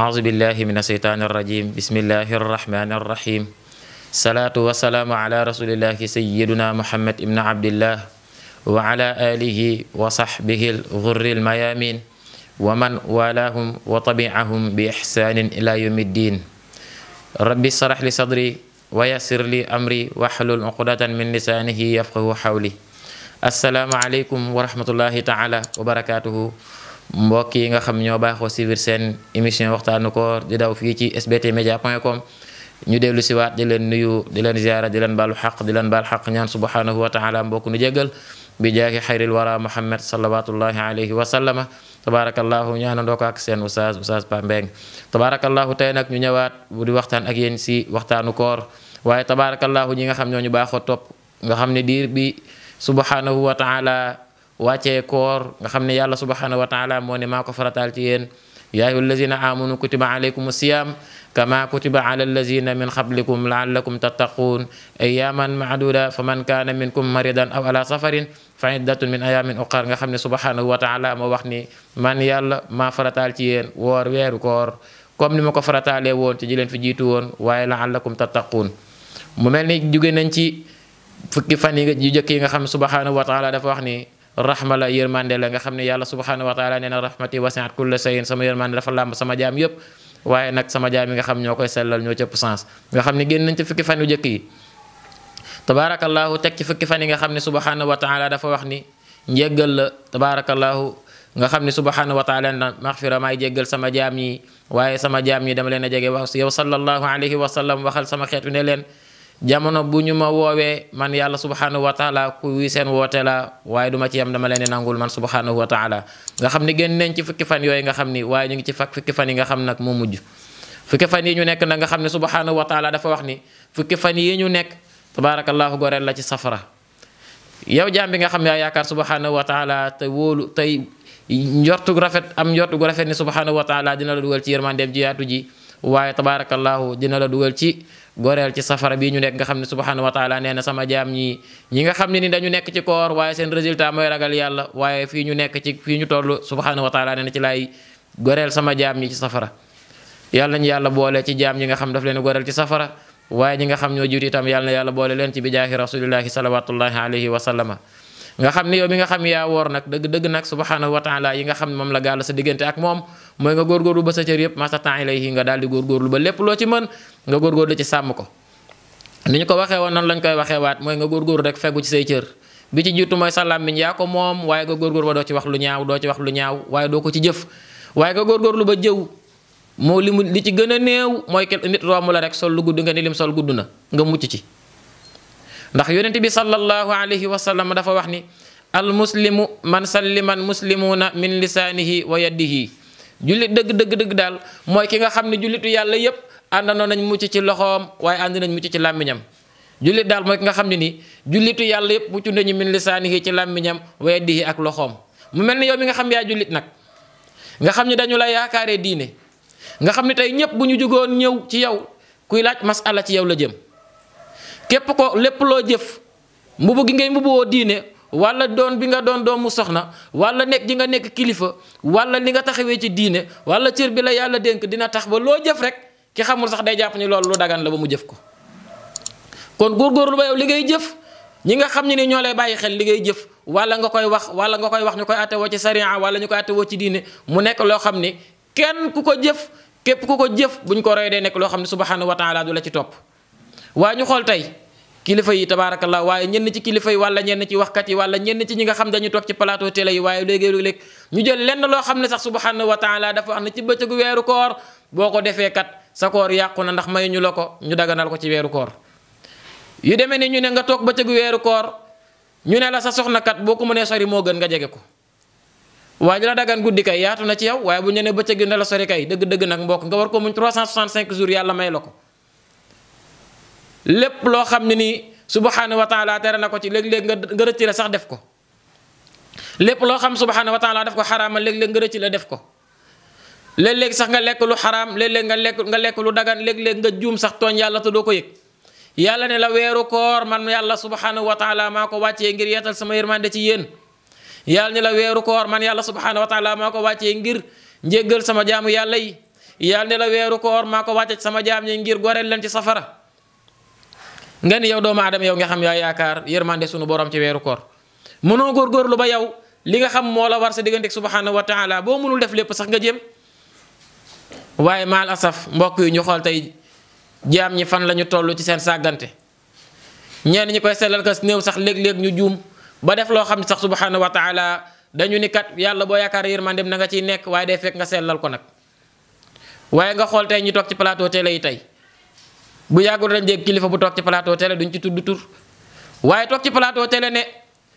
أعوذ بالله من الشيطان الرجيم بسم الله الرحمن الرحيم صلاة وسلام على رسول الله سيدنا محمد ابن عبد الله وعلى آله وصحبه الغر الميامين ومن والاهم وطبعهم بإحسان إلى يوم الدين ربي اشرح لي صدري ويسر لي أمري واحلل عقدة من لسانه يفقه حولي السلام عليكم ورحمة الله تعالى وبركاته mbokk yi nga xam ñoo baaxoo suivre seen émission waxtaanu koor di daw fii ci sbt média point com ñu dellu si waat di leen nuyu di leen ziara di leen baalu xaq di leen baal xaq ñaan subhanahu wa taala mbokk nu jégal bi jaaki xayril wara muhammad salawatullahi alayhi wa sallama tabarakallahu ñu àndandoo ko ak seen oustaz oustaz Pa Mbeng tabarakallahu tey nag ñu ñëwaat bu di waxtaan ak yéen si waxtaanu koor waaye tabarakallahu ñi nga xam ñoo ñu baaxoo topp nga xam wàccee koor nga xam ne yàlla subhanahu wa taala moo ne maa ko farataal ci yéen yaa ayyuha allazina amanu kutiba alaykum siyam kama kutiba ala allazina min qablikum laallakum tattaquun ayaman maaduda fa man kaana minkum maridan aw ala safarin fa iddatun min ayamin uqar nga xam ne subhanahu wa taala moo wax ni man yàlla maa farataal ci yéen woor weeru koor comme ni ma ko farataalee woon ci ji leen fi jiitu woon waaye laallakum tattaquun mu mel ni jóge nañ ci fukki fan yi yu jëkk yi nga xam subhanahu wa taala wax ni rahma la yërmande la nga xam ne yàlla subhanahu wa taala nee na rahmati wasiat kulla shay'in sama yërmande a làmb sama jaam yëpp waaye nag sama jaam yi nga xam a koy sellal ñoo cëpp sens nga xam ne génn nañ ci fukki fan yu jëkk yi tabaarakallaahu teg ci fukki wax ni la tabaarakallaahu nga xam ne subhanahu wa taala na maxfira maay jéggal sama jaam yi dama leen a jege wax yow sallallahu alayhi wa waxal sama xeet bi ne leen jamono bu ñu ma woowee man yàlla subhanahu wa taala ku wi seen woote la waaye duma ci yam dama leen di nangul man subhanahu wa taala nga xam ni génn nañ ci fukki fan yooyu nga xam ni waaye ñu ngi ci fak fukki fan yi nga nag moo mujj fukki fan yi ñu nekk nag nga xam ne subhanahu wa taala dafa wax ni fukki fan yi ñu nekk tabaarakallaahu goreel la ci safara yow jaam bi nga xam ne yaakaar subhanahu wa taala te wóolu tey njortu rafet am njortu gu rafet ni subhanahu wa taala dina la dugal ci yërmandeem ji yaatu ji dugal ci goreel ci safara bii ñu nekk nga xam ne subhanahu wa taala nee na sama jaam ñii ñi nga xam ne ni dañu nekk ci koor waaye seen résultat mooy ragal yàlla waaye fii ñu nekk ci fii ñu toll subhanahu wa taala nee na ci laay goreel sama jaam ñi ci safara yàlla nañu yàlla boole ci jaam ñi nga xam daf leen goreel ci safara waaye ñi nga xam ñoo jiitu itam yàlla yàlla boole leen ci bijaahi rasulillahi salawatullahi alayhi wa sallama nga xam ne yow mi nga xam yaa woor nag dëgg dëgg nag subhanahu wa taala yi nga xam ne moom la gàll sa diggante ak moom mooy nga góorgóorlu ba sa cër yëpp mastatan ilayhi nga daal di góorgóorlu ba lépp loo ci mën sàmm ko ni ñu ko waxee woon noonu lañ koy waxee waat mooy nga góorgóorlu rek fegu ci say cër bi ci jiitu mooy sa làmmiñ yaa ko moom waaye nga góor ba doo ci wax lu ñaaw doo ci wax lu ñaaw waaye doo ko ci jëf waaye nga lu ba jëw moo li mu li ci gën a néew mooy nit romb la rek sol lu gudd nga ni lim sol gudd na nga mucc ci ndax yonent bi sallallahu alayhi wa sallam dafa wax ni al muslimu man sallima al muslimuuna min lisaanihi di yadihi jullit dëgg dëgg dëgg daal mooy ki nga xam ne jullitu yàlla yépp àndandoo nañ mucc ci loxoom waaye ànd nañ mucc ci làmmiñam jullit daal mooy ki nga xam ne nii jullitu yàlla yépp mucc nañu min lisaanihi ci làmmiñam wa yadihi ak loxoom mu mel ni yow mi nga xam yaa jullit nag nga xam ne dañu la yaakaaree diine nga xam ne tey ñépp bu ñu jugoon ñëw ci yow kuy laaj masala ci yow la jëm képp ko lépp loo jëf mbubu gi ngay mbubuwoo diine wala doon bi nga doon doomu soxna wala nekk ji nga nekk kilifa wala li nga taxawee ci diine wala cër bi la yàlla dénk dina tax ba loo jëf rek ki xamul sax day jàpp ni loolu lu dagan la ba mu jëf ko kon góorgóorlu ba yow li ngay jëf ñi nga xam ne ni ñoo lay bàyyi xel li ngay jëf walla nga koy wax wala nga koy wax ñu koy attewoo ci sariya wala ñu koy attewoo ci diine mu nekk loo xam ni kenn ku ko jëf képp ku ko jëf buñ ko roy day nekk loo xam ne subhanahu wa taala la ci topp kilifa yi la waaye ñenn ci kilifa yi wala ñenn ci waxkat yi wala ñenn ci ñi nga xam dañuy toog ci plateau télé yi waaye léegi-léeg ñu jël lenn loo xam ne sax subhanahu wa taala dafa wax ne ci bëccëgu weeru koor boo ko defee kat sa koor yàqu na ndax may ñu la ko ñu daganal ko ci weeru koor yu demee ni ñu ne nga toog bëccëgu weeru koor ñu ne la sa soxna kat boo ko mënee sori moo gën nga jege ko waaye la dagan guddi kay yaatu na ci yow waaye bu ñu ne ne la sori kay dëgg-dëgg may la ko lépp loo xam ne nii subhaanahu wa taala tere na ko ci léeg-léeg nga rëcc la sax def ko lépp loo xam subhaanahu wa taala def ko xaraamal lég léeg nga rëcc la def ko léeg-léeg sax nga lekk lu xaraam léeg-léeg nga lekk nga lekk dagan léeg-léeg nga juum sax tooñ yàlla te doo ko yëg yàlla ne la weeru koor man yàlla subhaanahu wa taala maa ko wàccee ngir yeetal sama yërmande ci yéen yàlla ne la weeru koor man yàlla subhaanahu wa taala maa ko wàccee ngir njéggal sama jaamu yàlla yi yàlla ne la weeru koor maa ko wàcce sama jaam ñi ngir goreel leen ci safara nga ni yow doomu aadama yow nga xam yaa yaakaar yërmande sunu borom ci weeru koor mënoo góorgóorlu ba yow li nga xam moo la war sa diggante subhanahu wa taala boo mënul def lépp sax nga jéem waaye maal asaf mbokk yi ñu xool tey jaam ñi fan la ñu toll ci seen sàggante ñenn ñi koy sellal kas néew sax léeg-léeg ñu juum ba def loo xam ne sax subhanahu wa taala dañu ni kat yàlla boo yaakaar yërmandeem na nga ciy nekk waaye day fekk nga sellal ko nag waaye nga xool tey ñu toog ci plateau télé yi tey bu yàggul dañ dégg kilifa bu toog ci plateau télé duñ ci tudd tur waaye toog ci plateau télé ne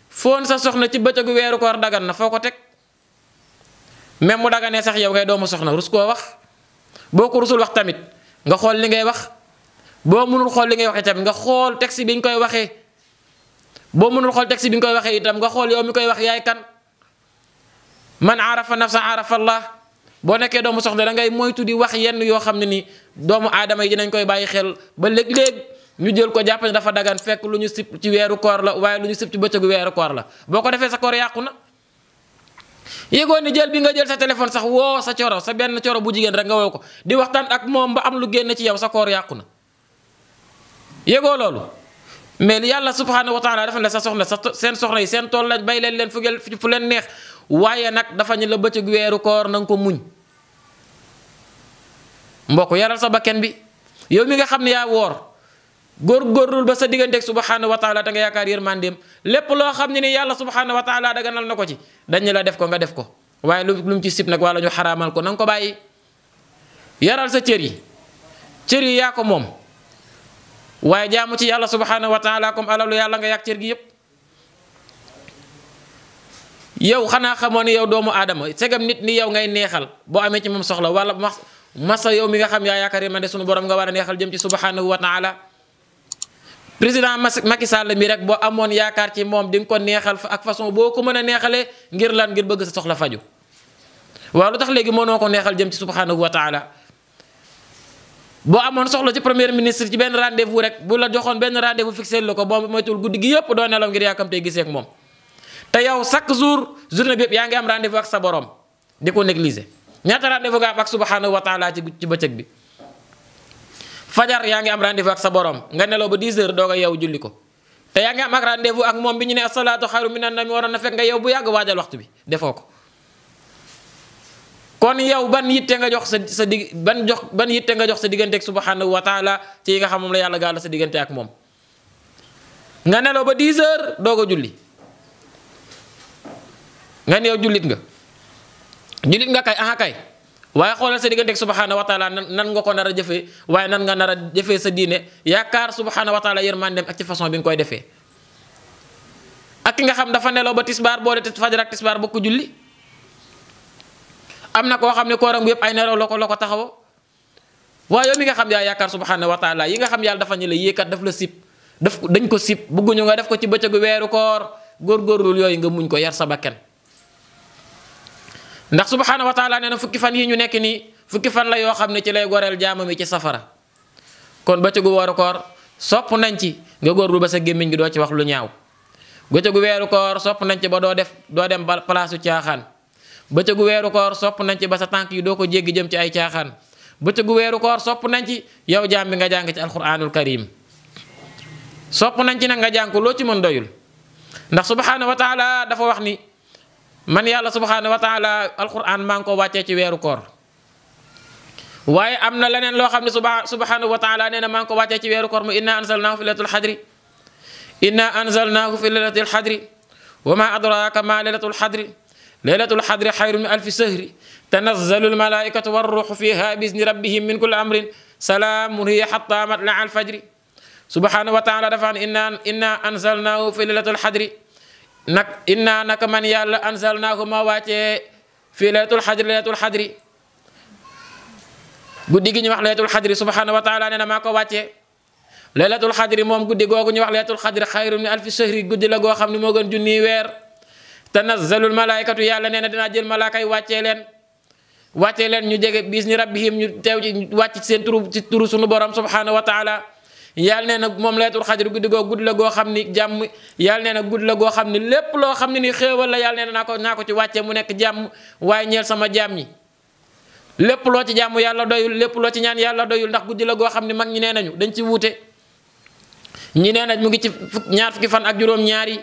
foon sa soxna ci bëccëgu weeru koor dagan na foo ko teg même mu daganee sax yow ngay doomu soxna rus koo wax boo ko rusul wax tamit nga xool li ngay wax boo mënul xool li ngay wax itam nga xool texte bi ñu koy waxee boo mënul xool texte bi ñu koy waxee itam nga xool yow mi koy wax yaay kan man arafa nafsa arafa allah boo nekkee doomu soxna dangay ngay moytu di wax yenn yoo xam ne ni doomu aadama yi dinañ koy bàyyi xel ba léeg-léeg ñu jël ko jàpp dafa dagan fekk lu ñu sib ci weeru koor la waaye lu ñu sib ci bëccëgu weeru koor la boo ko defee sa koor yàqu na yéegoon ni jël bi nga jël sa téléphone sax woo sa coro sa benn coro bu jigéen rek nga woo ko di waxtaan ak moom ba am lu ci yow sa koor yàqu na yégoo loolu mais yàlla subhanahu wa taala dafa ne sa soxna sa seen soxna yi seen tool lañ bay leen leen fu fu leen neex waaye nag dafa ñu la bëccëg weeru koor nag ko muñ mbokk yaral sa bakken bi yow mi nga xam ne yaa woor góorgóorlul ba sa digganteeg subhanahu wa taala te nga yaakaar yërmandeem lépp loo xam ne ni yàlla subhanahu wa taala daganal na ko ci dañ la def ko nga def ko waaye lu lu mu ci sib nag wala ñu ko na ko bàyyi sa cër yi cër yi yaa ko moom waaye jaamu ci yàlla subhanahu wa taala comme alalu yàlla nga yàq cër gi yëpp yow xanaa xamoo ni yow doomu aadama segam nit ni yow ngay neexal boo amee ci moom soxla wala masa yow mi nga xam yaa yaakaar man de sunu borom nga war a neexal jëm ci subhanahu wa taala président Macky Sall mi rek boo amoon yaakaar ci moom di nga ko neexal ak façon boo mën a neexalee ngir lan ngir bëgg sa soxla faju waaw lu tax léegi mënoo ko neexal jëm ci subhanahu wa taala boo amoon soxla ci premier ministre ci benn rendez-vous rek bu la joxoon benn rendez-vous fixé la ko boo moytuwul guddi gi yëpp doo nelaw ngir yaakamtee gisee ak moom te yow chaque jour journée yaa ngi am rendez-vous ak sa borom di ko négliger ñaata rendez-vous nga am ak subhanahu wa taala ci ci bëccëg bi fajar yaa ngi am rendez-vous ak sa borom nga nelaw ba 10 heures doog a yow julli ko te yaa ngi am moom bi ñu ne asalaatu xayru minan nawm waroon na fekk nga yow bu yàgg waajal waxtu bi defoo kon yow ban yitte nga jox sa sa jox ban yitte nga jox sa diggante ak subhanahu wa taala ci nga xam la yàlla gaal sa diggante ak moom nga nelaw ba 10 heures doog nga ne yow jullit nga julit nga kay aha kay waaye xoolal sa digganteeg subhaana wa taala nan nga ko nar a jëfee waaye nan nga nar a jëfee sa diine yaakaar subhaana wa taala yërmandeem ak ci façon bi nga koy defee ak ki nga xam dafa neloo ba tisbaar boo dee fajar ak tisbaar bokk julli am na koo xam ne kooram bu yëpp ay nelaw la ko la ko taxawoo waaye yow nga xam yaa yaakaar subhaana wa taala yi nga xam yàlla dafa ñu la yéekat daf la sib daf dañ ko sib bëgguñu nga def ko ci bëccëgu weeru koor góorgóorlul yooyu nga muñ ko yar sa bakkan ndax subhaanahu wa taala nee na fukki fan yi ñu nekk nii fukki fan la yoo xam ne ci lay goreel jaamam yi ci safara kon bëccëgu wooru koor sopp nañ ci nga góorlu ba sa gémmiñ gi doo ci wax lu ñaaw bëccëgu weeru koor sopp nañ ci ba doo def doo dem ba palaasu caaxaan bëccëgu weeru koor sopp nañ ci ba sa tànk yi doo ko jéggi jëm ci ay caaxaan bëccëgu weeru koor sopp nañ ci yow jaam bi nga jànk ci alquranul karim sopp nañ ci nag nga jàng loo ci mën doyul ndax subhaanahu wa dafa wax ni man yàlla subhaanahu wa taala alquran maa ngi ko wàccee ci weeru koor waaye am na leneen loo xam ne suba subhaanahu wa taala nee na maa ngi ko wàccee ci weeru koor mu inna anzalnaahu fi laylatul xadri inna anzalnaahu fi laylatil xadri wa ma adraaka ma laylatul xadri laylatul xadri xayru min alfi sahri tanazzalu almalaikatu warruuxu fiha biizni rabbihim min kulli amrin salaamun hiya xatta matla alfajri subhaanahu wa taala dafa am inna inna anzalnaahu fi laylatul xadri nag inna naka man yàlla ansal naa ko ma wàccee fii laytul xadri laytul xadri guddi gi ñu wax laytul xadri subhanahu wa taala nee na maa ko wàccee laylatul xadri moom guddi googu ñu wax laytul xadri xayru min alfi shahri guddi la goo xam ne moo gën junniy weer tanazzalul malaayikatu yàlla nee na dinaa jël malaaka yi wàccee leen wàccee leen ñu jege bis ni rabbihim ñu teew ci wàcc seen turu ci borom subhanahu wa yàlla nee na moom laylatul xadr guddi goo guddi la goo xam ni jàmm yàlla nee na guddi la goo xam ni lépp loo xam ne ni xéewal la yàlla nee na naa ko naa ko ci wàccee mu nekk jàmm waaye ñeel sama jàmm ñi lépp loo ci jàmm yàlla doyul lépp loo ci ñaan yàlla doyul ndax guddi la goo xam ne mag ñi nee nañu dañ ci wute ñi ne nañ mu ngi ci ñaar fukki fan ak juróom-ñaar yi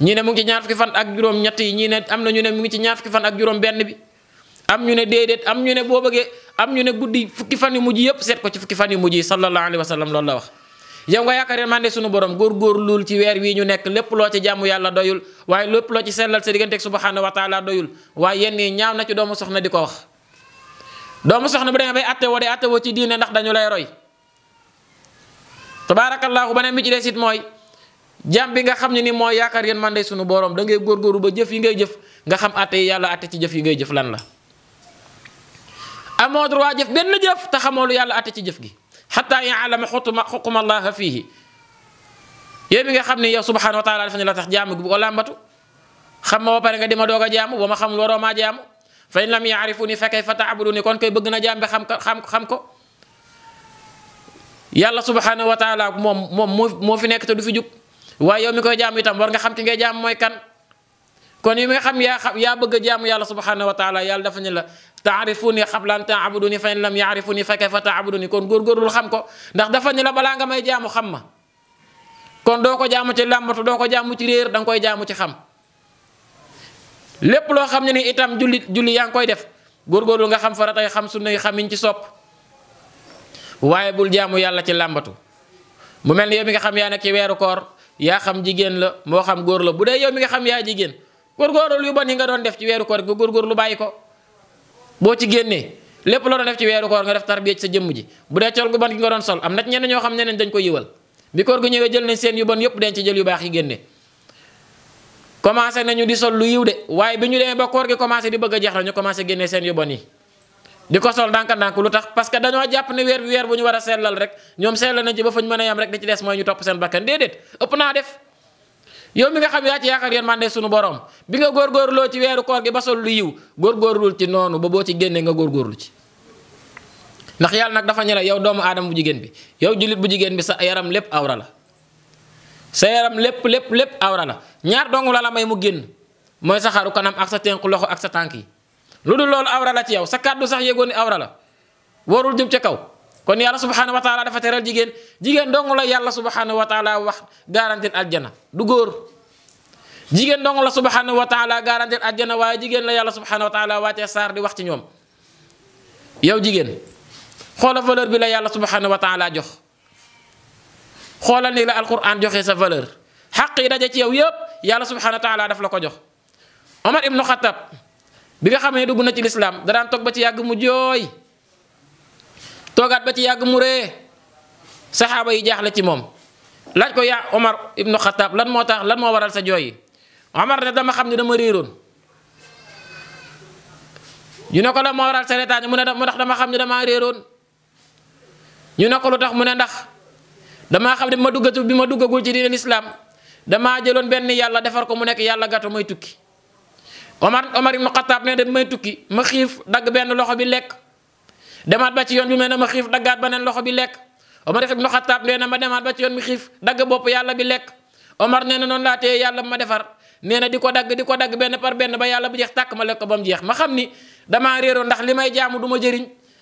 ñi ne mu ngi ci fan ak juróom yi ñii ne am na ñu ne mu ngi ci ñaar fukki fan ak juróom benn bi am ñu ne déedéet am ñu ne boo bëggee am ñu ne guddi fukki fan yu mujj yëpp seet ko ci fukki fan yu mujj yi sallallahu alayhi wa sallam loolu la wax yow nga yaakaar man de sunu borom góorgóorluwul ci weer wii ñu nekk lépp loo ci jàmm yàlla doyul waaye lépp loo ci sellal sa digganteeg subhanahu wa taala doyul waaye yenn yi ñaaw na ci doomu soxna di ko wax doomu soxna bu demee bay atte woo de atte woo ci diine ndax dañu lay roy tabaarakallaahu beneen mi ci des it mooy jàmm bi nga xam ne ni mooy yaakaar yéen man de sunu borom da ngay góorgóorlu ba jëf yi ngay jëf nga xam atte yi yàlla atte ci jëf yi ngay jëf lan la amoo droit jëf benn jëf te xamoo lu yàlla àtte ci jëf gi xataa yaalama xutuma xukuma allaha fiihi yow mi nga xam ne yow subhanahu wa taala dafa ne xam ma ba nga di ma a jaamu ba ma xamul waroo maa jaamu fa in lam yaarifu ni fa kayfa taabudu bëgg na jaam xam ko xam ko yàlla subhanahu wa taala moom moom moo fi nekk te du fi jug waaye yow mi koy jaamu itam war nga xam ki ngay jaamu mooy kan kon yi nga xam yaa xam yaa bëgg a jaamu yàlla subhanahu wa taala yàlla dafa la taarifuni qabla an taabuduni fa in lam yaarifuni fa kayfa taabuduni kon góorgóorlu xam ko ndax dafa ni la balaa nga may jaamu xam ma kon doo ko jaamu ci làmbatu doo ko jaamu ci réer danga koy jaamu ci xam lépp loo xam ne ni itam julli julli yaa ngi koy def góorgóorlu nga xam faratay xam sunna yi xamiñ ci sopp waaye bul jaamu yàlla ci làmbatu mu mel ni yow mi nga xam yaa nekk ci weeru koor yaa xam jigéen la moo xam góor la bu dee yow mi nga xam yaa jigéen góorgóorlu yu bon yi nga doon def ci weeru koor gi góorgóorlu bàyyi ko boo ci génnee lépp loo doon def ci weeru koor nga def tarbiya ci sa jëmm ji bu dee col gu ban gi nga doon sol am na ñenn ñoo xam ne ne dañ ko yiwal bi koor gu ñëwee jël nañ seen yu bon yëpp dañ ci jël yu baax yi génne commencé nañu di sol lu yiw de waaye bi ñu demee ba koor gi commencé di bëgg a jeex la ñu commencé génne seen yu yi di ko sol ndànk-ndànk lu tax parce que dañoo jàpp ne weer bi weer bu ñu war a sellal rek ñoom sellal nañ ci ba fañ mën rek da ci des mooy ñu seen bakkan déedéet ëpp yow mi nga xam yaa ci yaakaar yéen mande suñu borom bi nga góorgóorloo ci weeru koor gi ba sol lu yiw góorgóorlul ci noonu ba boo ci génnee nga góorgóorlu ci ndax yàlla nag dafa ñu la yow doomu aadama bu jigéen bi yow jullit bu jigéen bi sa yaram lépp awra la sa yaram lépp lépp lépp awra la ñaar dong la la may mu génn mooy saxaaru kanam ak sa tenku loxo ak sa tànk yi lu dul loolu awra la ci yow sa kàddu sax yëgoon ni awra la warul jëm ca kaw kon yàlla subhanahu wa taala dafa teral jigéen jigéen dong la yàlla subhanahu wa taala wax garantir aljana du góor jigéen dong la subhanahu wa taala garantir aljana waaye jigéen la yàlla subhanahu wa taala waatee saar di wax ci ñoom yow jigéen xoola valeur bi la yàlla subhanahu wa taala jox xoolal ni la alquran joxe sa valeur xaq yi daje ci yow yëpp yàlla subhanahu wa taala daf la ko jox omar ibnu xatab bi nga xam ne dugg na ci lislaam da daan toog ba ci yàgg mu toogaat ba ci yàgg mu ree saxaaba yi jaaxle ci moom laaj ko yaa Omar ibnu Xataab lan moo tax lan moo waral sa jooy yi Omar ne dama xam ne dama réeroon ñu ne ko la moo waral sa reetaan mu ne dama xam ne damaa réeroon ñu ne ko lu tax mu ne ndax damaa xam ne ma duggatu bi ma duggagul ci diine lislaam damaa jëloon benn yàlla defar ko mu nekk yàlla gato may tukki Omar Omar ibnu Xataab ne de may tukki ma xiif dagg benn loxo bi lekk. demaat ba ci yoon bi mu ne ma xiif daggaat beneen loxo bi lekk Omar ibn Xattaab nee na ma demaat ba ci yoon bi xiif dagg bopp yàlla bi lekk Omar nee na noonu laa téye yàlla ma defar nee na di ko dagg di ko dagg benn par benn ba yàlla bu jeex tàkk ma lekk ko ba mu jeex ma xam ni damaa réeroon ndax li may jaamu du ma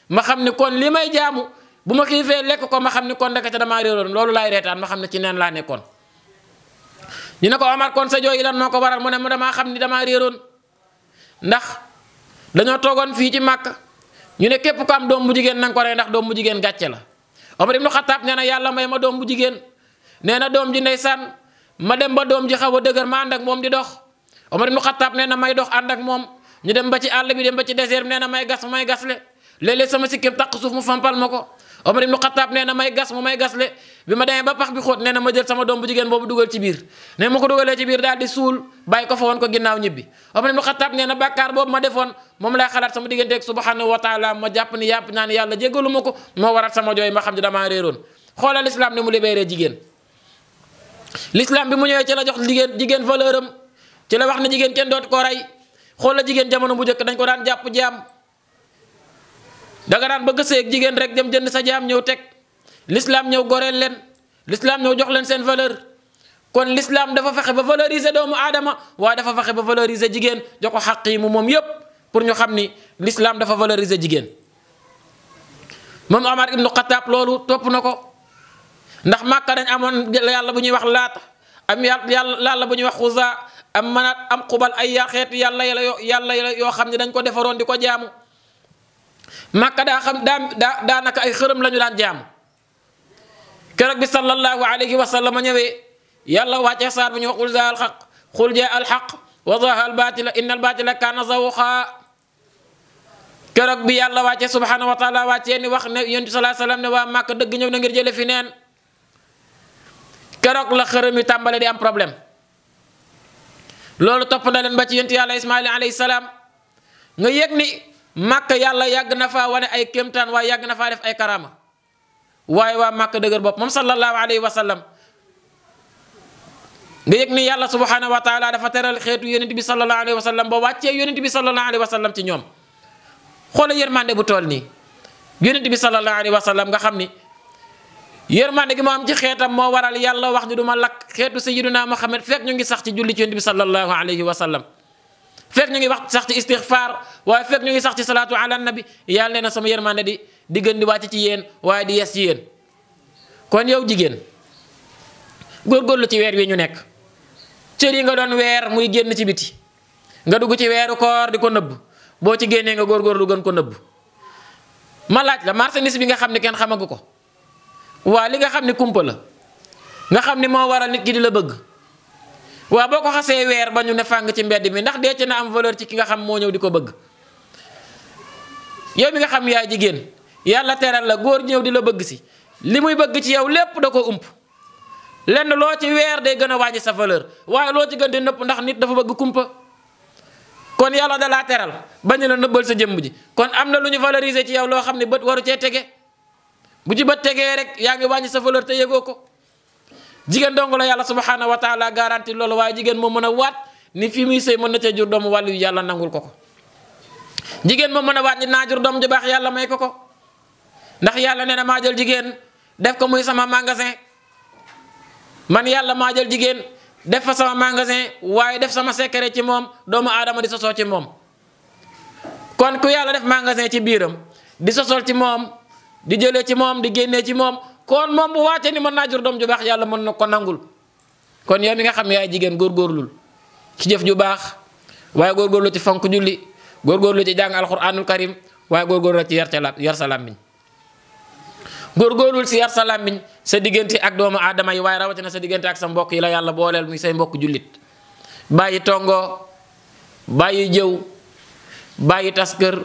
ma xam ni kon li may jaamu bu ma xiifee lekk ko ma xam ni kon ndekete damaa réeroon loolu laay reetaan ma xam ne ci neen laa nekkoon. ñu ko Omar kon sa jooy lan moo ko waral mu ne ma damaa xam ni damaa réeroon ndax dañoo toogoon fii ci Màkka ñu ne képp ko doom bu jigéen nanga ko rey ndax doom bu jigéen gàcce la Omar ibnu Xataab nee na yàlla may ma doom bu jigéen nee na doom ji sànn ma dem ba doom ji xaw a dëgër ma ànd ak moom di dox Omar ibnu Xataab nee na may dox ànd ak moom ñu dem ba ci àll bi dem ba ci désert bi nee na may gas mu may gas léeg-léeg sama sikkim taq suuf mu fampal ma ko Omar ibnu Xataab nee na may gas mu may gas gasle bi ma demee ba pax bi xóot nee na ma jël sama doom bu jigéen boobu dugal ci biir ne ma ko dugalee ci biir daal di suul bàyyi ko fa woon ko ginnaaw ñibbi Omar ibn Khattab nee na bàkkaar boobu ma defoon moom lay xalaat sama digganteeg subhanahu wa taala ma jàpp ni yàpp naa ne ma ko moo waral sama jooy ma xam ne damaa réeroon xoolal islam ni mu libéré jigéen l'islam bi mu ñëwee ci la jox jigéen jigéen valeur am ci la wax ne jigéen kenn dootu ko rey xoolal jigéen jamono bu njëkk dañ ko daan jàpp jaam danga daan bëgg seeg jigéen rek dem jënd sa jaam ñëw teg lislaam ñëw goreel leen l'islam ñëw jox leen seen valeur kon lislaam dafa fexe ba valoriser doomu aadama waa dafa faxe ba valoriser jigéen jox ko xaq yi mu moom yépp pour ñu xam ni lislaam dafa valoriser jigéen moom Omar ibnu Xataab loolu topp na ko ndax Màkka dañ amoon yàlla bu ñuy wax laata am yàlla yàlla bu ñuy wax xusa am manaat am xubal ay yaa xeetu yàlla yàlla yoo yoo xam ne dañ ko defaroon di ko jaamu Màkka daa xam daa daanaka ay xërëm lañu ñu daan jaamu. keroog bi sallallahu alayhi wa sallam ñëwee yàlla wàcce saar bu ñu wax qul jaa alxaq qul jaa alxaq wa zaha albatila inna albatila kaana zawoqa keroog bi yàlla wàcce subhanahu wa taala wàccee ni wax ne yonent salaa waa màkk dëgg ñëw na ngir jële la xërëm yi tàmbale di am problème loolu topp na leen ba ci yonent yàlla ismaila alayhi salaam nga yëg ni màkk yàlla yàgg na faa wane ay kéemtaan waaye yàgg na faa def ay karaama waaye waa Màkka dëgër bopp moom sallallahu alayhi wa sallam nga yëg ni yàlla subhanahu wa taala dafa teral xeetu yonent bi sallallahu alayhi wa sallam ba wàccee yonent bi sallallahu alayhi wa sallam ci ñoom xoola yërmande bu tool nii yonent bi sallallahu alayhi wa sallam nga xam ni yërmande gi moo am ci xeetam moo waral yàlla wax ni du ma lakk xeetu xam Muhammad fekk ñu ngi sax ci julli ci yonent bi sallallahu alayhi wa sallam fekk ñu ngi wax sax ci istixfaar waaye fekk ñu ngi sax ci salaatu ala nabi yàlla nee na sama yërmande di di gën di wàcc ci yéen waaye di yes ci yéen kon yow jigéen góorgóorlu ci weer wi ñu nekk cër yi nga doon weer muy génn ci biti nga dugg ci weeru koor di ko nëbb boo ci génnee nga lu gën ko nëbb ma laaj la marchandise bi nga xam ne kenn xamagu ko waa li nga xam ne kumpa la nga xam ne moo waral nit ki di la bëgg waaw boo ko xasee weer ba ñu ne fàng ci mbedd mi ndax deece na am valeur ci ki nga xam moo ñëw di ko bëgg yow mi nga xam yaay jigéen yàlla teral la góor ñëw di la bëgg si li muy bëgg ci yow lépp da ko ump lenn loo ci weer day gën a wàññi sa valeur waaye loo ci gën di nëpp ndax nit dafa bëgg kumpa kon yàlla da laa teral bañu la nëbbal sa jëmm ji kon am na lu ñu valoriser ci yow loo xam ne bët waru cee tege bu ci bët tegee rek yaa ngi wàññi sa valeur te yëgoo ko jigéen dong la yàlla subhaanahu wa taala garanti loolu waaye jigéen moo mën a waat ni fi muy sëy mën na cee jur doomu wàllu yu yàlla nangul ko ko jigéen moo mën a waat ni naa jur doom ju baax yàlla may ko ko ndax yàlla nee na maa jël jigéen def ko muy sama magasin man yàlla maa jël jigéen def fa sama magasin waaye def sama secret ci moom doomu aadama di sosoo ci moom kon ku yàlla def magasin ci biiram di sosol ci moom di jëlee ci moom di génnee ci moom kon moom bu waatee ni mën naa jur doom ju baax yàlla mën na ko nangul kon yow mi nga xam yaay jigéen góor góorgóorlul ci jëf ju baax waaye góor góorgóorlu ci fonk julli góorgóorlu ci jàng alxuraanul karim waaye góorgóorlu ci yar ca yar sa làmmiñ góorgóorlul si yar sa làmmiñ sa diggante ak doomu aadama yi waaye rawatina sa diggante ak sa mbokk yi la yàlla booleel muy say mbokk jullit bàyyi tongo bàyyi jëw bàyyi tas kër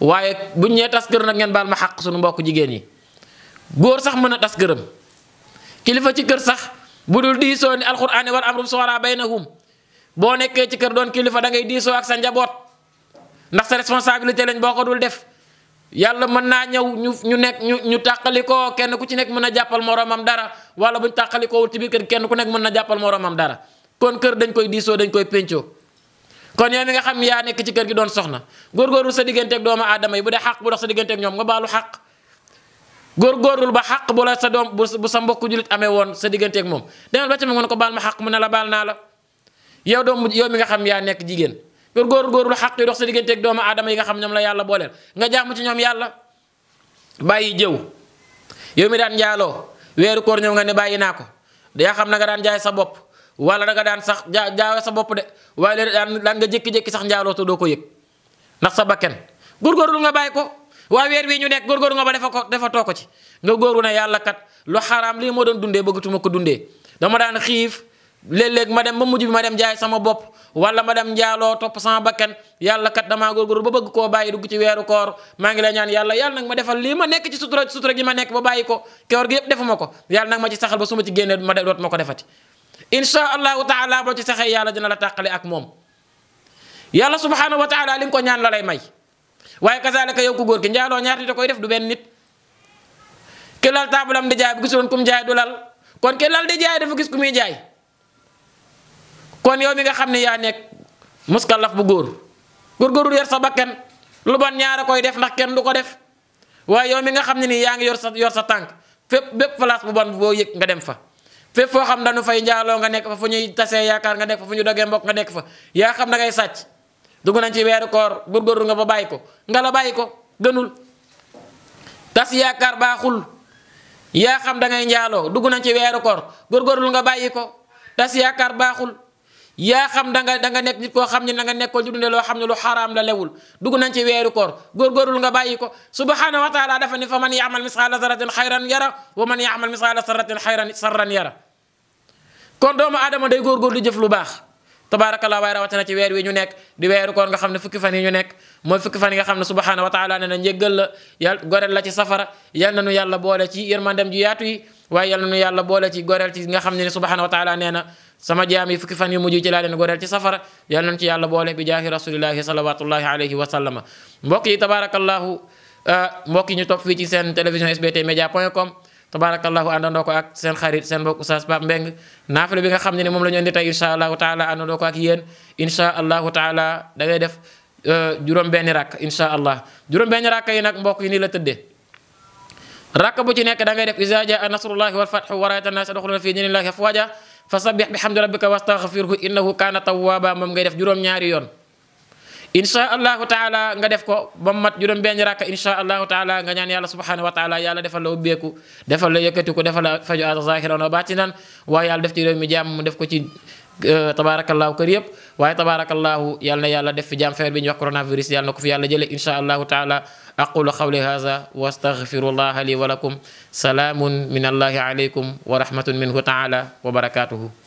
waaye buñ ñee tas kër nag ngeen baal ma xaq sunu mbokk jigéen yi góor sax mën a tas këram kilifa ci kër sax bu dul diisoo ni alxuraani war amrum suwaraa baynahum boo nekkee ci kër doon kilifa da ngay diisoo ak sa njaboot ndax sa responsabilité lañ boo ko dul def yàlla mën naa ñëw ñu ñu nekk ñu ñu tàqalikoo kenn ku ci nekk mën na jàppal moroomam dara wala buñ tàqalikoo ci biir kër kenn ku nekk mën na jàppal moroomam dara kon kër dañ koy diisoo dañ koy péncoo kon yow mi nga xam yaa nekk ci kër gi doon soxna góorgóorlu sa digganteeg doomu aadama yi bu dee xaq bu dox sa digganteeg ñoom nga baalu xaq góorgóorlul ba xàq bu la sa doom bu sa mbokku jullit amee woon sa digganteeg moom demal ba tamit nga ne ko baal ma xàq mu ne la baal naa la yow doom yow mi nga xam yaa nekk jigéen góorgóorlu xàq yi dox sa digganteeg doomu aadama yi nga xam ñoom la yàlla booleel nga jaamu ci ñoom yàlla bàyyi jëw yow mi daan njaaloo weeru koor ñëw nga ne bàyyi naa ko yaa xam na nga daan jaay sa bopp wala da daan sax jaa jaawe sa bopp de waaye daan daan nga jékki-jékki sax njaaloo te doo ko yëg ndax sa bakken góorgóorlu nga bàyyi ko waa weer wi ñu nekk góorgóoru nga ba defa ko defa too ko ci nga góoru ne yàlla kat lu xaraam lii moo doon dundee bëggatuma ko dundee dama daan xiif léeg-léeg ma dem ba mujj bi ma dem jaay sama bopp wala ma dem njaaloo topp sama bakkan yàlla kat damaa góorgóorlu ba bëgg koo bàyyi dugg ci weeru koor maa ngi lay ñaan yàlla yàlla nag ma defal lii ma nekk ci sutura sutura gi ma nekk ba bàyyi ko koor gi yépp defuma ko yàlla nag ma ci saxal ba su ma ci génnee ma doot ma ko defati insha allahu taala boo ci saxee yàlla dina la tàqale ak moom yàlla subhanahu wa taala li mu ko ñaan la lay may waaye kasaalika yow ku góor ki njaaloo ñaar nit a koy def du benn nit ki lal taabalam di jaay bu gisuloon kum jaay du lal kon ki lal di jaay dafa gis ku muy jaay kon yow mi nga xam ne yaa nekk muskalaf bu góor góorgóorlu yor sa bakkan lu bon ñaar a koy def ndax kenn du ko def waaye yow mi nga xam ne nii yaa ngi yor sa yor sa tànk fépp bépp place bu bon boo yëg nga dem fa. fépp foo xam dañu fay njaaloo nga nekk fa fu ñuy tasee yaakaar nga nekk fa fu ñu dogee mbokk nga nekk fa yaa xam na ngay sàcc. dugg nañ ci weeru koor góorgóorlu nga ba bàyyi ko nga la bàyyi ko gënul tas yaakaar baaxul yaa xam da ngay njaaloo dugg nañ ci weeru koor góorgóorlu nga bàyyi ko tas yaakaar baaxul yaa xam da nga da nga nekk nit koo xam ne na nga nekkoon loo xam ne lu xaraam la lewul dugg nañ ci weeru koor góorgóorlu nga bàyyi ko subhanahu wa taala dafa ni fa man yaamal misqaala zarratin xayran yara wa man yaamal misqaala sarratin xayran sarran yara kon doomu aadama day góorgóorlu jëf lu baax tabaarakallaa waaye rawatina ci weer wi ñu nekk di weeru koor nga xam ne fukki fan yi ñu nekk mooy fukki fan yi nga xam ne subhaana wa taala ne na njéggal la yàlla goreel la ci safara yal na nu yàlla boole ci sama jaam yi fukki fan yu mujj ci laa leen goreel ci safara yal nañu ci yàlla boole bi jaahi rasulillahi salawatullahi alayhi wa sallama mbokk yi ah, ñu topp fii ci seen télévision sbt media point com tabarakallahu àndandoo ko ak seen xarit seen mbokk oustaz Pape Mbeng naafale bi nga xam ne ne moom la ñu indi tey insha allahu taala àndandoo ko ak yéen insha allahu taala da def euh, juróom benni rakk insha allah juróom benni rakk yi nag mbokk yi nii la tëddee rakk bu ci nekk da ngay def iza a nasrullahi wal fathu wa ra'ayta an-naasa yadkhuluuna fi diinillahi afwaaja fasabbih bihamdi rabbika wastaghfirhu innahu kaana tawwaaba moom ngay def juróom ñaari yoon incha allahu taala nga def ko ba mu mat juróom benn rakka incha allahu taala nga ñaan yàlla subhanahu wa taala yàlla defal la ubbeeku defal la yëkkatiku defal la faju a zahiran wa baatinan waaye yàlla def ci réew mi jàmm mu def ko ci euh, tabaarakallaahu kër yëpp waaye tabaarakallaahu yàlla na yàlla def fi jàmm feer bi ñu wax coronavirus yàlla na ko fi yàlla jële incha allahu taala aqulu qawli haza wa astaghfirullaha li wa lakum salaamun min allahi aleykum wa rahmatun minhu taala wa barakatuhu